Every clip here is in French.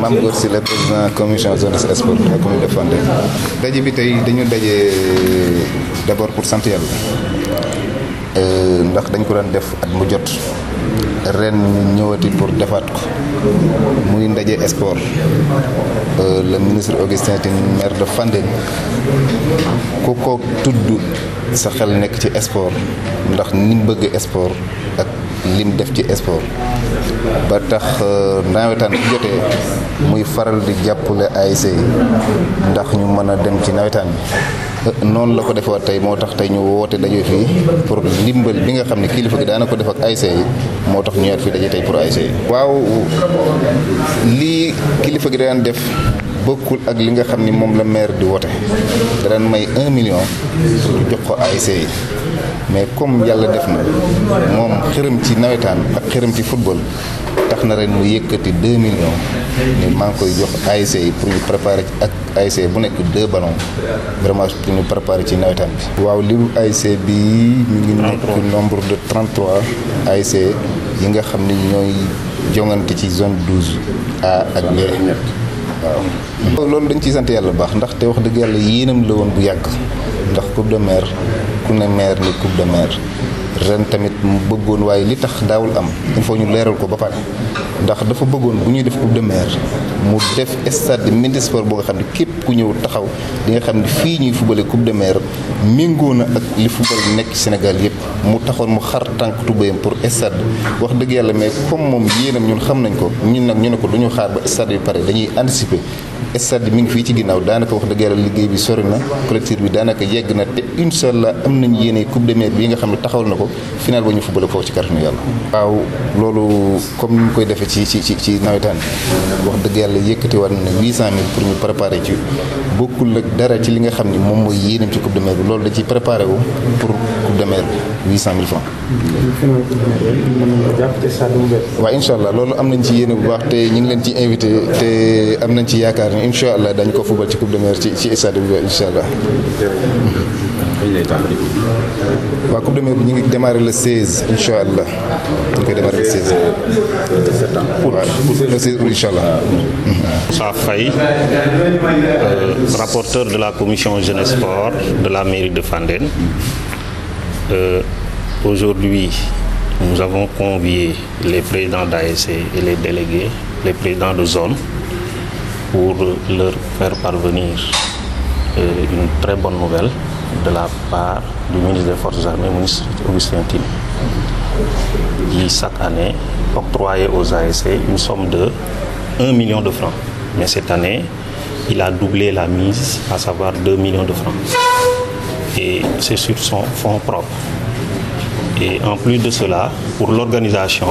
Mame Gor Sy le président commission jeunesse et sport de la commune de daje bi tey dañu daje euh, d'abord pour sant yàlla euh, ndax dañ ko daan def at mu jot ren ñu ñëwati pour defaat ko muy ndaje sport euh, la ministre Augustin Tine maire de Fandène ku ko tudd sa xel nekk ci sport ndax ni mu bëgg sport lim def ci sport ba tax euh, nawetaan bu jotee muy faral di jàppale ASC yi ndax ñu mën a dem ci nawetaan bi euh, noonu la ko defewaat tey moo tax tey ñu woote daje fii pour ndimbal bi nga xam ne kilifa gi daana ko def ak ASC moo tax ñu ñëwaat fii tey pour ASC waaw lii kilifa gi daan def bokkul ak li nga xam ni moom la maire di woote daan may un million jox ko ASC yi mais comme yàlla def na moom xërëm ci nawetaan ak xërëm ci football tax na ren mu yëkkati 2 maa ngi koy jox ASC pour ñu préparer ak ASC bu nekk deux ballons vraiment pour ñu préparer ci nawetaan bi. waaw li ASC bi ñu ngi nekk nombre de 33 ASC yi nga xam ni ñooy jongante ci zone 12 A ak B. waaw loolu dañ ciy sant yàlla baax ndaxte wax dëgg yàlla yéenam la woon bu yàgg ndax coupe de maire ku ne maire ni coupe de maire ren tamit mu bëggoon waaye li tax daawul am il faut ñu leeral ko ba pare ndax dafa bëggoon bu ñuy def coupe de maire mu def stade Minisport boo nga xam ne képp ku ñëw taxaw di nga xam ne fii ñuy fubale coupe de maire méngoo na ak li fubal nekk Sénégal yëpp mu taxoon mu xar tànk tubéyam pour stade wax dëgg yàlla mais comme moom yéenam ñun xam nañ ko ñun nag ñu ne ko du ñu xaar ba stade bi pare dañuy anticiper stade mi ngi fii ci ginnaaw daanaka wax dëgg yàlla liggéey bi sori na collectif bi daanaka yegg na te incha allah am nañu yéene coupe de maire bi nga xam ne taxawal na ko final ba ñu football foofu ci kàttanu yàlla. waaw loolu comme ni ñu koy defee ci ci ci ci nawetaan wax dëgg yàlla yëkkatiwaat na 800000 pour ñu préparer ci bokkul nag dara ci li nga xam ne moom mooy yéeneem ci coupe de maire bi loolu dañ ciy préparé wu pour. coupe de maire bi 800000 francs waaw incha allah loolu am nañ ci yéene bu baax te ñu ngi leen ci invité te am nañ ci yaakaar ne incha allah dañ ko fubal ci coupe de maire ci ci stade bi incha allah coupe de maire bi ñu démarrer le 16 incha allah ñu koy démarrer le 16. waaw le 16 août incha allah. Moussa Faye euh, rapporteur de la commission jeunesse sport de la mairie de Fandène aujourd'hui, nous avons convié les présidents d'ASC et les délégués, les présidents de zone, pour leur faire parvenir euh, une très bonne nouvelle de la part du ministre des Forces armées, ministre Augustin Tim, qui chaque année octroyait aux ASC une somme de 1 million de francs. Mais cette année, il a doublé la mise, à savoir 2 millions de francs et c'est sur son fonds propre. Et en plus de cela, pour l'organisation,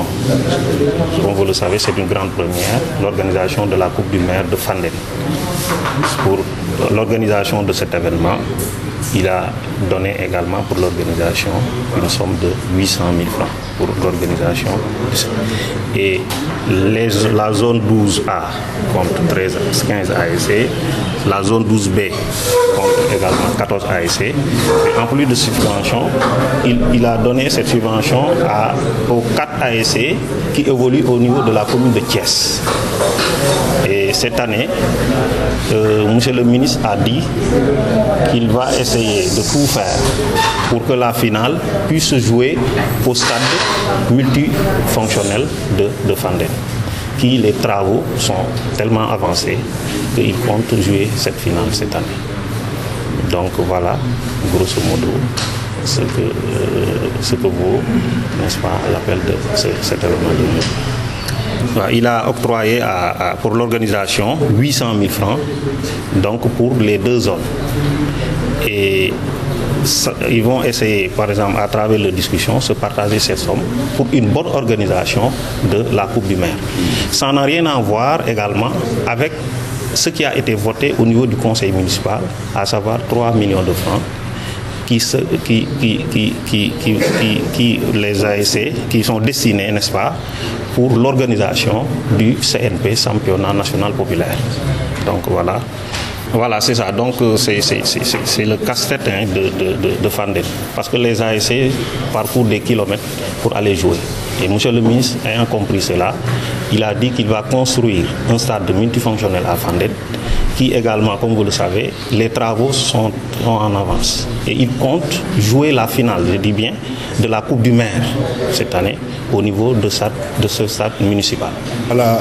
comme vous le savez, c'est une grande première, l'organisation de la Coupe du maire de Fandel. Pour l'organisation de cet événement, il a donné également pour l'organisation une somme de 800 000 francs pour l'organisation. Et la zone 12A compte 13, 15 ASC la zone 12B compte également 14 ASC. Et en plus de subvention, il, a donné cette subvention aux 4 ASC qui évoluent au niveau de la commune de Thiès. Et cette année, M. Euh, monsieur le ministre a dit qu'il va essayer de tout faire pour que la finale puisse se jouer au stade multifonctionnel de, de qui les travaux sont tellement avancés qu'ils comptent jouer cette finale cette année. Donc voilà, grosso modo, ce que, euh, ce vaut, n'est-ce pas, l'appel de cet élément de il a octroyé pour l'organisation 800 000 francs, donc pour les deux zones. Et ils vont essayer, par exemple, à travers les discussions, se partager cette somme pour une bonne organisation de la Coupe du Maire. Ça n'a rien à voir également avec ce qui a été voté au niveau du conseil municipal, à savoir 3 millions de francs qui, qui, qui, qui, qui sont destinés, n'est-ce pas, pour l'organisation du CNP, Championnat National Populaire. Donc voilà. Voilà, c'est ça. Donc, euh, c'est le casse-tête hein, de, de, Parce que les ASC parcourent des kilomètres pour aller jouer. Et Monsieur le ministre ayant compris cela, il a dit qu'il va construire un stade multifonctionnel à Fandel qui également, comme vous le savez, les travaux sont, en avance. Et ils compte jouer la finale, je dis bien, de la Coupe du maire cette année au niveau de, ce stade municipal. Voilà,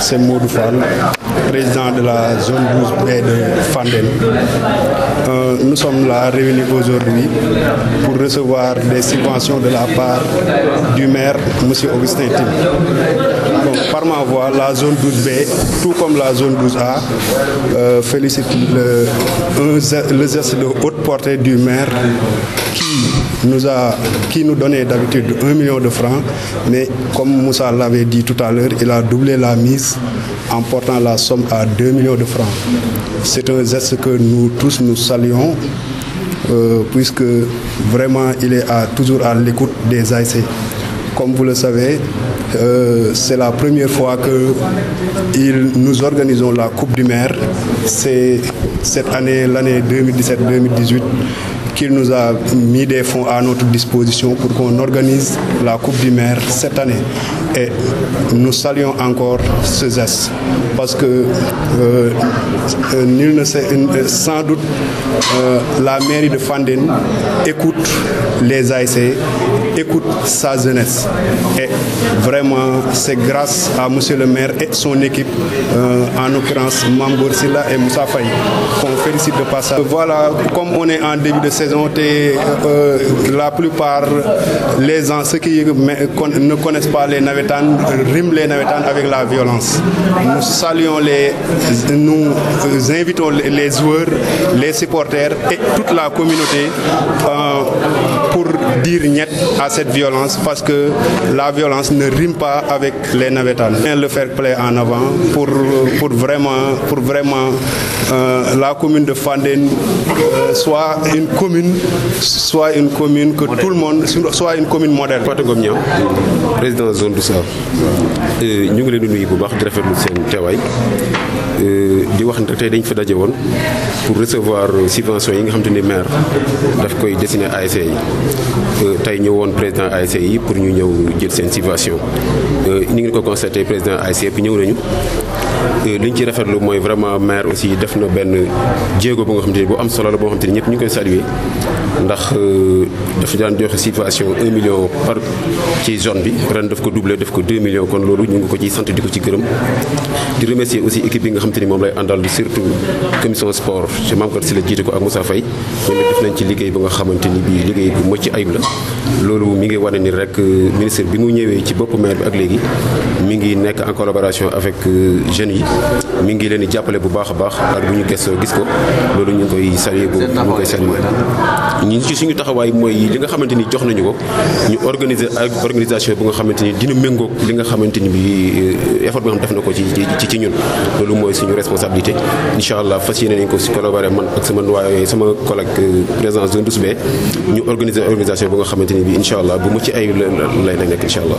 c'est Maud Fall, président de la zone 12 près de Fandel. Euh, nous sommes là réunis aujourd'hui pour recevoir des subventions de la part du maire, M. Augustin par ma voix, la zone 12B, tout comme la zone 12A, euh, félicite le, de haute portée du maire qui nous, a, qui nous donnait d'habitude 1 million de francs, mais comme Moussa l'avait dit tout à l'heure, il a doublé la mise en portant la somme à 2 millions de francs. C'est un geste que nous tous nous saluons euh, puisque vraiment il est toujours à l'écoute des AIC. Comme vous le savez, euh, c'est la première fois que nous organisons la Coupe du Maire. C'est cette année, l'année 2017-2018, qu'il nous a mis des fonds à notre disposition pour qu'on organise la Coupe du Maire cette année. Et nous saluons encore ce geste parce que euh, euh, nul ne sait, sans doute, la mairie de Fanden écoute les AIC écoute sa jeunesse. Et vraiment, c'est grâce à Monsieur le maire et son équipe, euh, en l'occurrence Mambour Silla et Moussa Faye, qu'on félicite de passage. Voilà, comme on est en début de saison, euh, euh, la plupart les gens, ceux qui ne connaissent pas les navetans riment les Navetan avec la violence. Nous saluons les, nous invitons les joueurs, les supporters et toute la communauté. Euh, dire niet à cette violence parce que la violence ne rime pas avec les navettes. Le faire play en avant pour, vraiment, pour vraiment euh, la commune de Fanden euh, soit une commune, soit une commune que tout le monde, soit une commune modèle. président de zone du Sahel euh, ñu ngi nous di nuyu bu baax di seen di wax dañ pour recevoir subvention yi nga xam maire daf koy destiné ASC e Euh, tey ñëw woon président ASC e yi pour ñu ñëw jël seen situation euh, ni ngeen ko constaté président ASC e yëpp ñëw nañu Euh, li ñu ci rafetlu mooy vraiment maire aussi def na benn jéego bu nga xam te bu am solo la boo xam te ñëpp ñu ngi koy saluer ndax euh, dafa daan joxe situation 1 million par ci zone bi ren daf ko doubler daf ko 2 millions kon loolu ñu ngi ko ci sant di ko ci gërëm di remercier aussi équipe bi nga xam te moom lay àndal surtout commission sport ci Mamkat si la jiite ko ak Moussa Faye ñoom def nañ ci liggéey bu nga xamante ni bii liggéey bu mucc ayib la loolu mi ngi wane ni rek euh, ministre bi mu ñëwee ci bopp maire bi ak léegi mi ngi nekk en collaboration avec jeunes yi mi ngi leen di jàppale bu baax a baax ak bu ñu gëstoo gis ko loolu ñu ngi koy saluer bu ñu mooy li nga xamante ni jox nañu ko ñu organiser ak organisation bu nga xamante ni dina méngoog li nga xamante ni bi euh, effort bi nga xam def na ko ci ci ci ñun loolu mooy suñu responsabilité incha allah fas yéene nañ ko si collaborer man ak sama waaye sama collègue euh, président zone douze B ñu organiser organisation bu nga xamante ni bi incha allah bu mu ci ay la lay nekk incha allah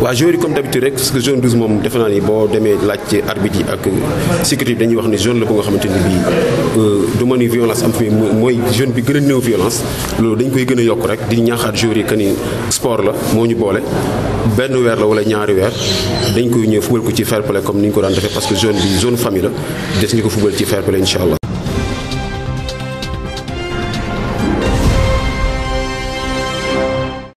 waaw joueurs comme d'habitude rek parce que zone douze moom defe naa ni boo demee laajte arbitre yi ak sécurité bi dañuy wax ne jeune la bu nga xamante ni bii euh, du ma ni violence am fi mooy jeune bi gën a néew violence loolu dañ koy gën a yokk rek di ñaaxaat joueurs yi que ni la moo ñu boole benn weer la wala ñaari weer dañ koy ñëw ko ci fair play comme ni ñu ko daan defee parce zone bi zone famille la des ñu ko fubal ci fair play incha allah.